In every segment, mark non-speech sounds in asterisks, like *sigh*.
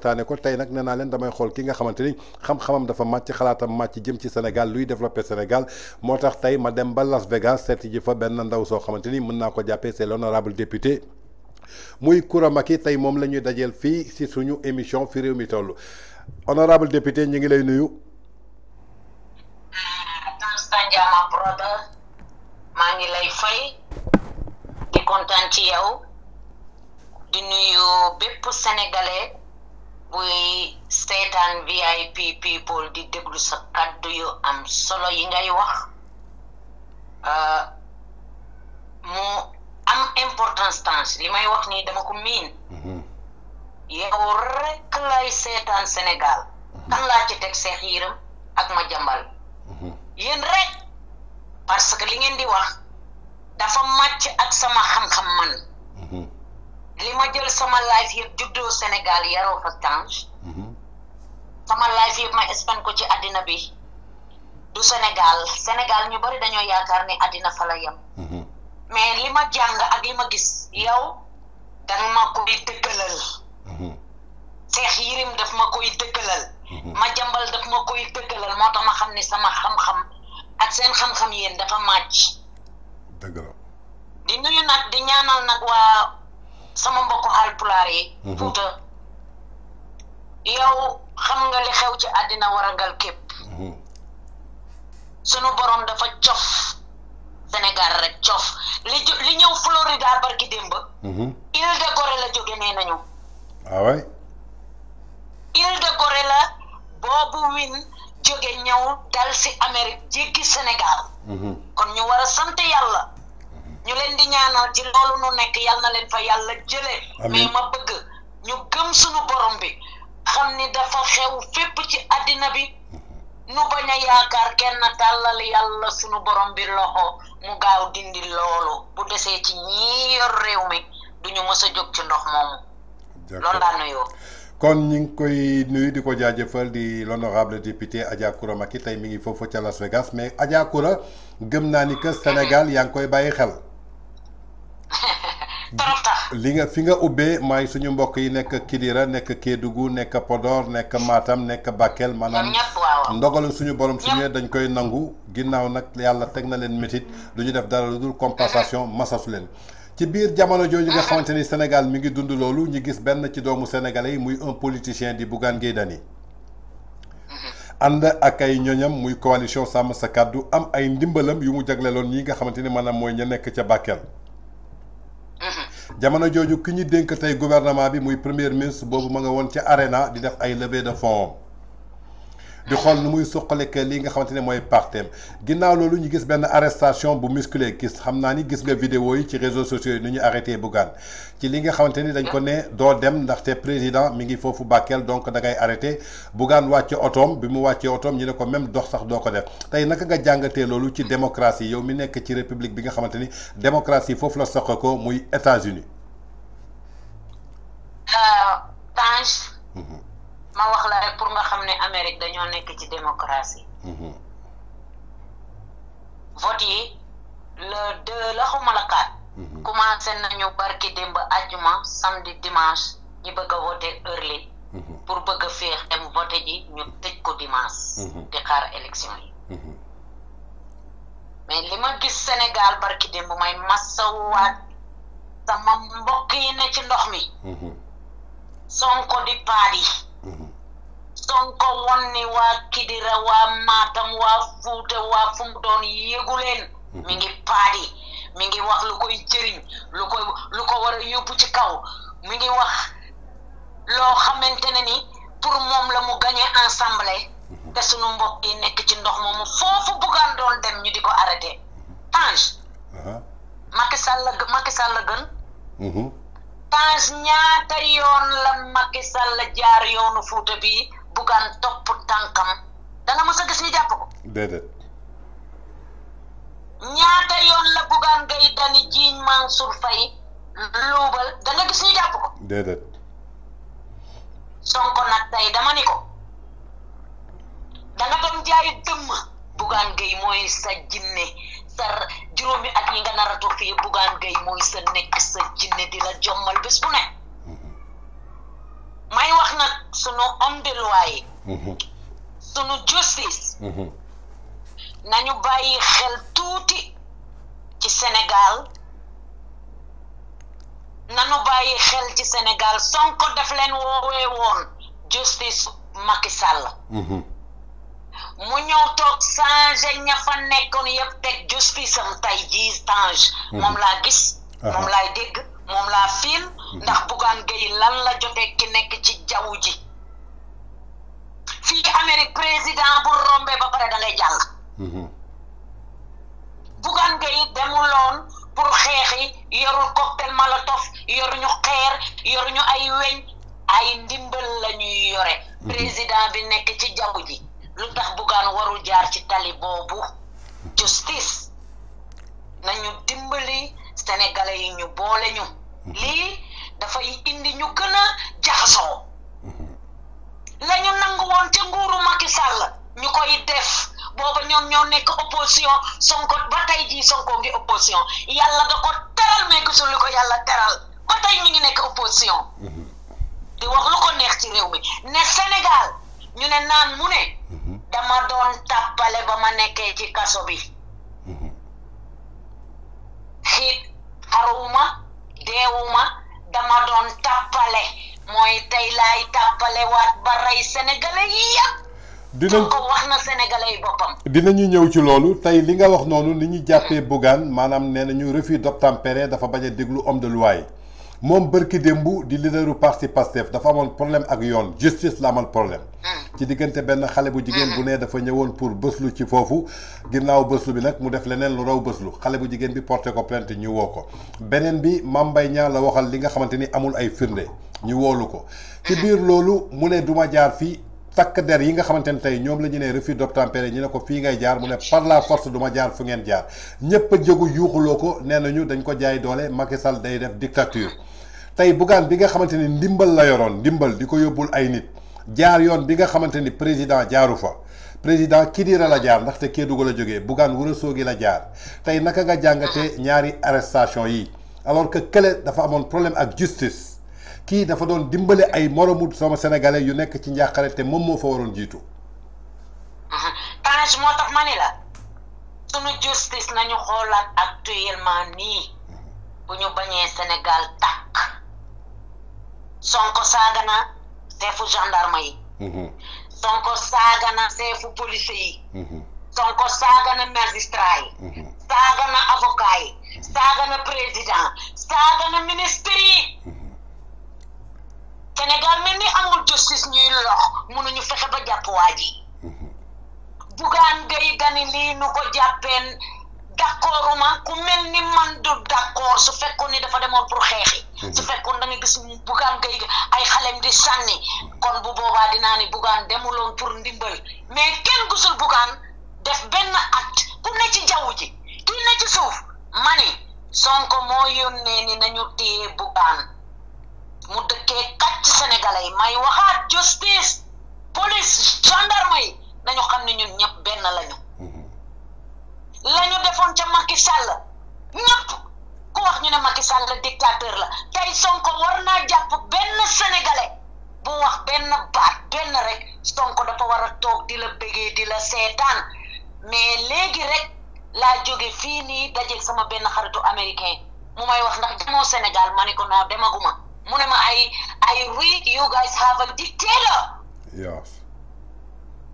waxtaane ko tay nak nee len damay xol ki nga xamanteni xam-xamam dafa màcc xalaatam màcc jëm ci Sénégal luy développer Sénégal motax tay ma dem ba Las Vegas setti ji fa benn ndaw so xamanteni mën naa ko jàppee c'est l'honorable député muy Coura Macky tey moom la ñuy dajeel fii suñu émission fi réew mi tollu honorable député ñi ngi lay nuyu Tandiama brother maa ngi lay fay di kontaan ci yow di nuyu bépp sénégalais buy seetaan VIP people di deglu sa kaddu yu am solo yi ngay wax eh, mu am importance tans li may wax ni dama ko miin mm-hmm. yow ya, rek lay setan senegal mm-hmm. kan la ci tek ak ma jambal mm-hmm. yeen rek parce que li ngeen di wax dafa match ak sama xam-xam man lima jël sama life yëpp juddoo Sénégal yaro fa tanj mhm. sama life yëpp ma spend ko ci adina bi du Sénégal Sénégal ñu bari dañoo yaakaar ni adina fa la yam mhm. mais lima ma ak lima gis yow dang ma koy dëggalal Cheikh mhm. Yirim daf ma koy dëggalal ma jambal daf ma koy dëggalal mo tax ma xam sama xam-xam ak seen xam-xam yeen dafa match, dëgg la di nuyu nak di ñaanal nak waa sama mbokku Haalpulaar yi. Mhm. Fuuta yow xam nga li xew ci àddina warangal képp. Mhm. sunu borom dafa cof senegal rek cof li li ñëw Florida barki démb. Mhm. Île de Gorée la jóge nee nañu. waaw ah waay. Île de boobu win jóge ñëw dal si Amérique jéggi Sénégal. kon ñu war a yàlla. ñu leen di ñaanal ci loolu nu nekk yal leen fa yàlla jëlee. mais ma bëgg ñu gëm suñu borom bi xam ni dafa xew fépp ci àddina bi nu bañ a yaakaar kenn tàllal yàlla suñu borom bi loxo mu gaaw dindi loolu bu desee ci ñi réew mi duñu mës jóg ci ndox moomu. kon ñu ngi koy nuyu di ko jaajëfal di l'honorable député Adja Koura Macky tey mi ngi foofu ca Las Vegas mais Adja gëm naa ni que senegal yaa ngi koy bàyyi xel. Linga-finga *laughs* li nga fi nga ubbee suñu mbokk yi nek kidira nek kédugu nek podor nek matam nek bakel manam ndogal suñu borom suñu dañ koy nangu ginnaw nak yalla tek na len metit duñu def dara dul compensation mm-hmm. masasu len ci biir jamono joju nga mm-hmm. xamanteni sénégal mi ngi dund lolu ñu gis ben ci doomu sénégalais muy un politicien di Bugan Gueye dani Anda mm-hmm. ak ay ñoñam muy coalition sam sa am ay ndimbalam yu mu lon ñi nga xamanteni manam moy ñe nek ca jamono jooju ki ñu dénk tey gouvernement bi muy premier ministre boobu ma nga woon ca ARENA di def ay levée de fonds di xool nu muy suqaleek li nga xamante ne mooy partem ginnaaw loolu ñu gis benn arrestation bu musclé gis xam naa ni gis nga vidéo yi ci réseaux sociaux yi ni ñu arrêté Bougane ci li nga xamante ni dañ ko ne doo dem ndaxte président mi ngi foofu Bakel donc da ngay arrêté Bougane wàcce otoom bi mu wàccee otoom ñu ne ko même dox sax doo ko def tey naka nga jàngatee loolu ci démocratie yow mi nekk ci république bi nga xamante ni démocratie foofu la soqe ko muy États-Unis. Euh, Tange. Mhm. ma wax la rek pour nga xam ne Amérique dañoo nekk ci démocratie. Mhm. vote yi le de la xuma la quatre. Mhm. commencé nañu barki démb àjjuma samedi dimanche ñi bëgg a vote early. Mhm. pour bëgg a féex dem vote ji ñu tëj ko dimanche. di xaar élection yi. mais li ma gis Sénégal barki démb may masawaat sama mbokk yi ne ci ndox mi. sonko di paadi sonko wonni wa kidira wa matam wa fuuta wa fu don yegulen iya, mi ngi paadi mi ngi wax lu koy jëriñ lu koy lu ko wara yobbu ci kaw mi ngi wax lo xamantene ni pour mom la mu gagner ensemble te sunu mbokk yi nekk ci ndox fofu bu gan don dem ñu diko arrêter arrêté tange Macky Sall la Macky Sall la gën tange ñaata yoon la Macky Sall jaar yoonu fuuta bi bukan top tànkam tangkam mos a gis ni jàpp ko. déedéet. ñaata yoon la bugaan gay dani jiiñ Mansour Faye luubal danga gis ñu jàpp ko. dedet Sonko nak tay dama ni ko dem jaay dëmm bugaan gay moy sa jinne sar juromi at yi nga naratu fi toog gay moy sa nek sa jinne dila la jommal bu nek may wax nag sunu homme de loi mhm. sunu justice mhm. nañu bàyyi xel tuuti ci Sénégal nañu bàyyi xel ci Sénégal Sonko def leen woowee woon justice Macky Sall mhm. mu ñëw toog changé ña fa nekkoon yëpp teg justice am tey jii moom laa gis ah. moom laay dégg mom hmm. la fil ndax Bougane gay lan la joté ki nek ci jawuji fi amerique président bu rombé ba paré da ngay jàll hmm. Bougane gay demulon pour xeexi yoru cocktail Molotov yoruñu xeer ñu ay weñ ay ndimbal la ñuy yore hmm. président bi nek ci jawuji lu tax Bougane jaar ci tali bobu justice nañu dimbali sénégalais yi ñu boole ñu lii dafay indi ñu gën a jaxasoo la ñu nangu woon ca nguuru Macky Sall ñu koy def booba ñoom ñoo nekk opposition Sonko ba tey ji Sonko ngi opposition yàlla da ko teral mais gisul li ko yàlla teral ba tey mi ngi nekk opposition di wax lu ko neex ci réew mi ne Sénégal ñu ne naan mu ne dama doon tàppale ba ma nekkee ci kaso bi mhm. xiit xaruwuma deewuma dama doon tàppale mooy tey laay tàppale waat ba rey sénégalais yi yëpp dinañ ko wax na sénégalais yi boppam dinañu ñëw ci loolu tey li nga wax noonu ni ñu jàppee Bougane maanaam nee nañu refus d'obtempérer dafa bañ a déglu homme de loi moom bërki démb di leaderu parti Pastef dafa amoon problème ak yoon justice la amal problème ah. ci diggante benn xale bu jigéen bu ne dafa ñëwoon pour bëslu ci foofu ginnaaw bëslu bi nag mu def leneen lu raw bëslu xale bu jigéen bi porté ko plainte ñu woo ko bi Mame Mbaye la waxal li nga xamante ni amul ay firnde ñu woolu ko ci ah. biir loolu mu ne duma jaar fii takk der yi nga xamante ne tey ñoom la ñu ne refus d'obtempérer ñu ne ko fii ngay jaar mu ne par la force du jaar fu ngeen jaar ñëpp a jógu yuuxuloo ko nee nañu dañ ko jaay doole Macky day def dictature tey Bougane bi nga xamante ni ndimbal la yoroon ndimbal di ko yóbbul ay nit jaar yoon bi nga xamante président jaaru fa président Kidira la jaar ndaxte Kédougou la jógee Bougane Ourossogui la jaar tey naka nga jàngatee ñaari arrestation yi alors que kële dafa amoon problème ak justice kii dafa doon dimbale ay moromu sama sénégalais yu nekk ci njàqare te moom moo fa waroon jiitu. Tange mhm. moo tax ma ni la sunu justice nañu xoolaat actuellement nii bu ñu bañee Sénégal tàkk Sonko saaga na seefu gendarme yi. Mhm. Sonko saaga na seefu police yi. Mhm. Sonko saaga na magistrat yi. saaga na avocat yi. saaga na président saaga na ministre. justice ñuy lox mënuñu fexe ba jàpp waa ji bugaan gay dani lii nu ko jàppeen d'accorduma ku mel ni man du d'accord su fekkoon dafa demoon pour xeexi hmm. su fekkoon da nga gis bugaan gay ay xalem di sànni kon bu boobaa dinaa ni bugaan demuloon pour ndimbal mais kenn gisul bugaan def benn at ku ne ci jaww ji kii ne ci suuf mani sonko moo yónnee ni nañu téye bugaan mu ke kàcc sénégalais yi may justice police gendarme yi nañu xam ne ñun ñëpp benn lañu mhm. lañu defoon ca Macky Sall ñëpp ku wax ñu ne Macky Sall dictateur la tey Sonko war naa jàpp benn bu wax ben baat ben rek Sonko dafa war a toog di dila bëggee di la seetaan mais léegi rek laa jóge fii nii sama ben xaritu américain mu may wax ndax demoo Sénégal ma ne demaguma I read you guys have a dictator. yes.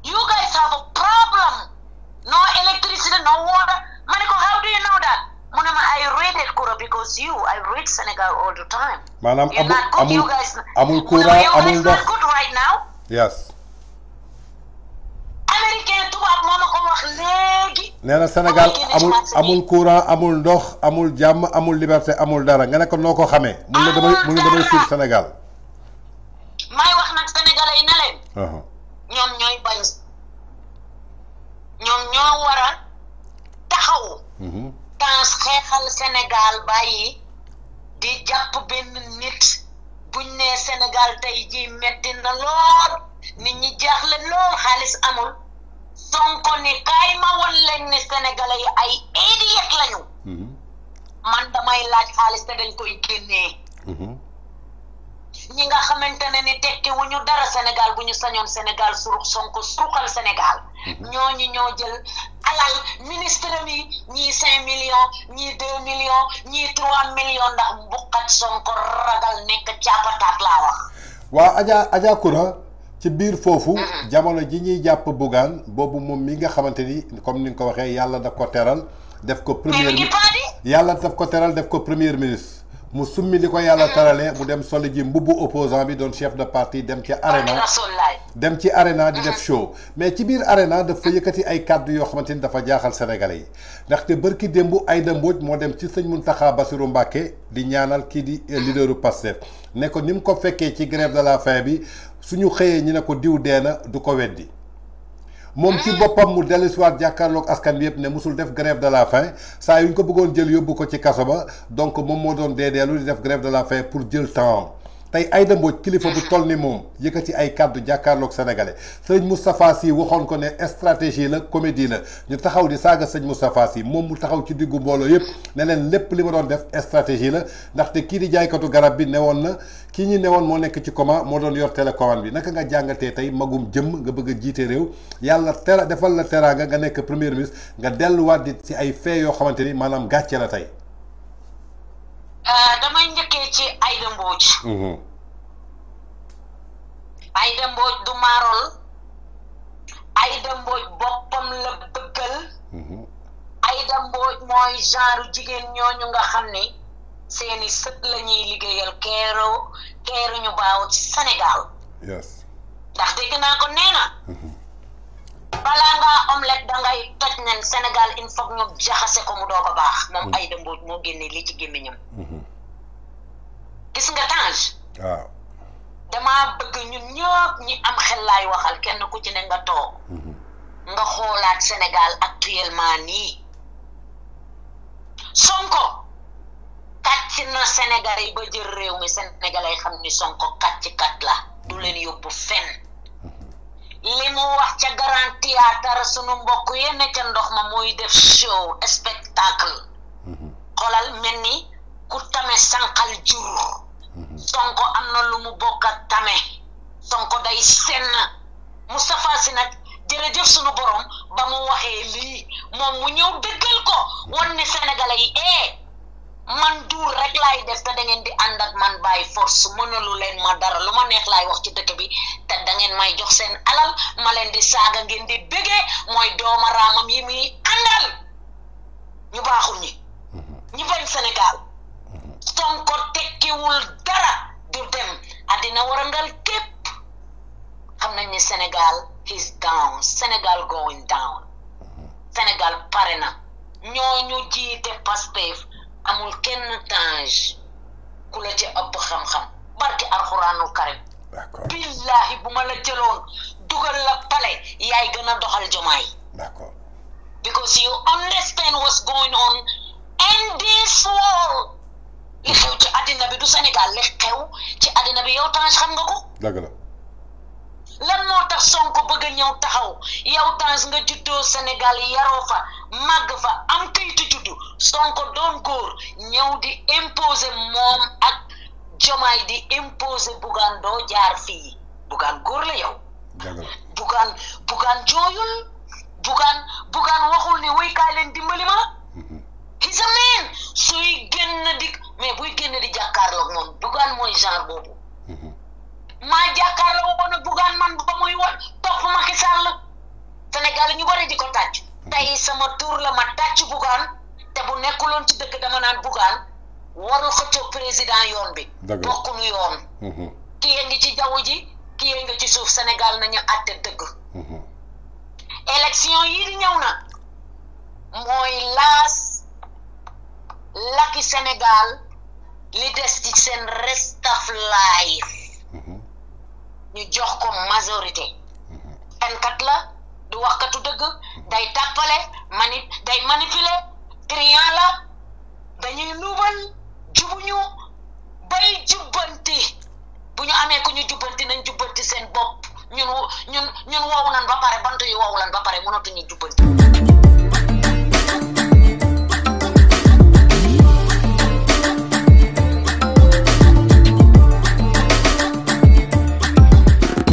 you guys have a problem. no electricity no water Maniko, how do you know that. mu I read it Kura because you I read Senegal all the time. maanaam amul amul you guys I'm amul ndox. right now. yes. léegi. nee na Sénégal amul amul courant amul ndox amul jàmm amul liberté amul dara nga ne ko noo ko xamee. mun na damay mun na damay suuf Sénégal. may wax nag sénégalais yi ne leen. Uh-huh. ñoom ñoo war a taxaw. Mm-hmm. dans xeexal Sénégal bàyyi di jàpp benn nit buñ nee Sénégal tey ji metti na lool nit ñi jaaxle lool xaalis amul. Sonko ne kaay ma won leen ne sénégalais yi ay idiot lañu mhm. man damay laaj xaalis te dañ koy génnee mhm. ñi nga xamante ne ni tekki wu ñu dara Sénégal bu ñu sañoon Sénégal surux Sonko suruxal Sénégal mhm. ñooñu ñoo jël alal ministre mi ñii million ñii deux millions ñii trois millions ndax mbuqat Sonko ragal nekk caapataat laa wax waaw Adja Adja Koura ci biir foofu. Ah, ah. jamono ji ñuy jàpp Bougane boobu moom mi nga xamante ni comme ni nga ko waxee yàlla daf ko teral def ko premier. yàlla daf ko teral def ko premier ministre. mu summi li ko yàlla tarale bu dem soli ji mbubbu opposant bi doon chef de parti dem ci arena dem ci arena di def show mais ci biir arena dafa yëkkati ay kàddu yoo xamante ni dafa jaaxal sénégalais yi ndaxte bërki démb Aïda Mbodj moo dem ci sëñ Mountakha Bassirou Mbacké di ñaanal kii di euh, leaderu Pastef ne ko ni mu ko fekkee ci grève de la faim bi suñu xëyee ñi ne ko diw dee na du ko weddi moom ci boppam mu dellusiwaat jàkkaarloog askan bi yëpp ne musul def grève de la faim saa yu ñu ko bëggoon jël yóbbu ko ci kaso ba donc moom moo doon dee deedeelu di def grève de la faim pour jël temps tey Aïda Mbodj kilifa bu toll ni moom yëkkati ay kàddu jàkkaarloog sénégalais sëñ Moustapha Sy waxoon ko ne stratégie la comédie la ñu taxaw di saaga sëñ Moustapha Sy moom mu taxaw ci diggu mbooloo yëpp ne leen lépp li ma doon def stratégie la ndaxte kii di jaaykatu garab bi newoon na kii ñi newoon moo nekk ci coma moo doon yor télécommande bi naka nga jàngatee tey magum jëm nga bëgg a jiite réew yàlla tera defal la teraanga nga nekk premier ministre nga delluwaat di ay fee yoo xamante ni maanaam gàcce la tey Euh, damay njëkkee ci Aïda Mbodj mhm. Aïda Mbodj du maarol Aïda Mbodj boppam la bëggal mhm. Aïda Mbodj mooy genre jigéen ñooñu nga xam ni seeni sët la ñuy liggéeyal keeroo keeruñu baaw ci Sénégal ndax dégg naa ko nee mhm. balaa ngaa omelette dangay toj nen Sénégal il faut ñu jaxase ko mu doo ko baax moom mm-hmm. Aïda Mbodj moo génnee li ci gémmiñam mm-hmm. gis nga Tange ah. dama damaa bëgg ñun ñëpp ñi am xel laay waxal kenn ku ci ne nga toog mm-hmm. nga xoolaat Sénégal actuellement nii Sonko kàcc na Sénégal yi ba jël réew mi Sénégal ay xam ni Sonko kàcc kat la du leen yóbbu fenn li mu wax ca Grand sunu mbokk yenn ca ndox ma muy def show spectacle mhm. xoolal mel ni ku tame sànqal jur mhm. sonko am na lu mu bokk ak tame sonko day senn Moustapha Sy na jërëjëf sunu borom ba mu waxee lii moom mu ñëw dëggal ko won ne sénégalais yi eh, man du rek lay def da ngeen di and ak man bay force lu leen ma dara luma neex lay wax ci dëkk bi te da ngeen may jox seen alal ma leen di saga ngeen di bégee moy dooma ramam yi mi andal ñu baxu ñi mhm. ñi bañ Sénégal mhm. tekki wul dara du dem adina warangal kep xam nañ ni Sénégal is down Senegal going down mhm. Senegal parena na ñooñu jiite Pastef amul kenn tange ku la ci ëpp xam-xam barki alxuraanul karim billaahi bu ma la jëloon dugal la pale yaay gën a doxal jomaay d'accord because you understand what's going on in this world li xew ci àddina bi du Sénégal li xew ci addina bi yow tange xam nga ko lan mo tax sonko bëgg ñew taxaw yow tans nga juddo senegal yaro fa mag fa am kayitu juddu sonko don gor ñew di imposer mom ak jomay di imposer bugan do jaar fi bugan gor la yow bugan bugan joyul bugan bugan waxul ni way ka len dimbali ma he's a man suy genn di mais buy genn di jàkkaarloog mom bugan moy genre bobu maa jàkkaarloo woon a bugaan man ba muy woon topp Macky Sall Sénégal ñu bari di ko tàcc tey sama tuur la ma tàcc bugaan te bu nekkuloon ci dëkk dama naan bugaan warul xëccoo président yoon bi bokkunu yoon mhm. ki yee ngi ci jaww ji ki ngi ci suuf Sénégal nañu àtte dëgg mhm. élection yi di ñëw na mooy laas laki Sénégal li des ci seen restaf life ñu jox ko majorité tankat la du waxkatu dëgg day tàppale mani day manipuler triant la dañuy luubal jubuñu bay jubbanti bu ñu amee ku ñu jubbanti nañ jubbanti seen bopp ñun ñun ñun woowu lan ba pare bant yu woowu lan ba pare mënatuñu jubbanti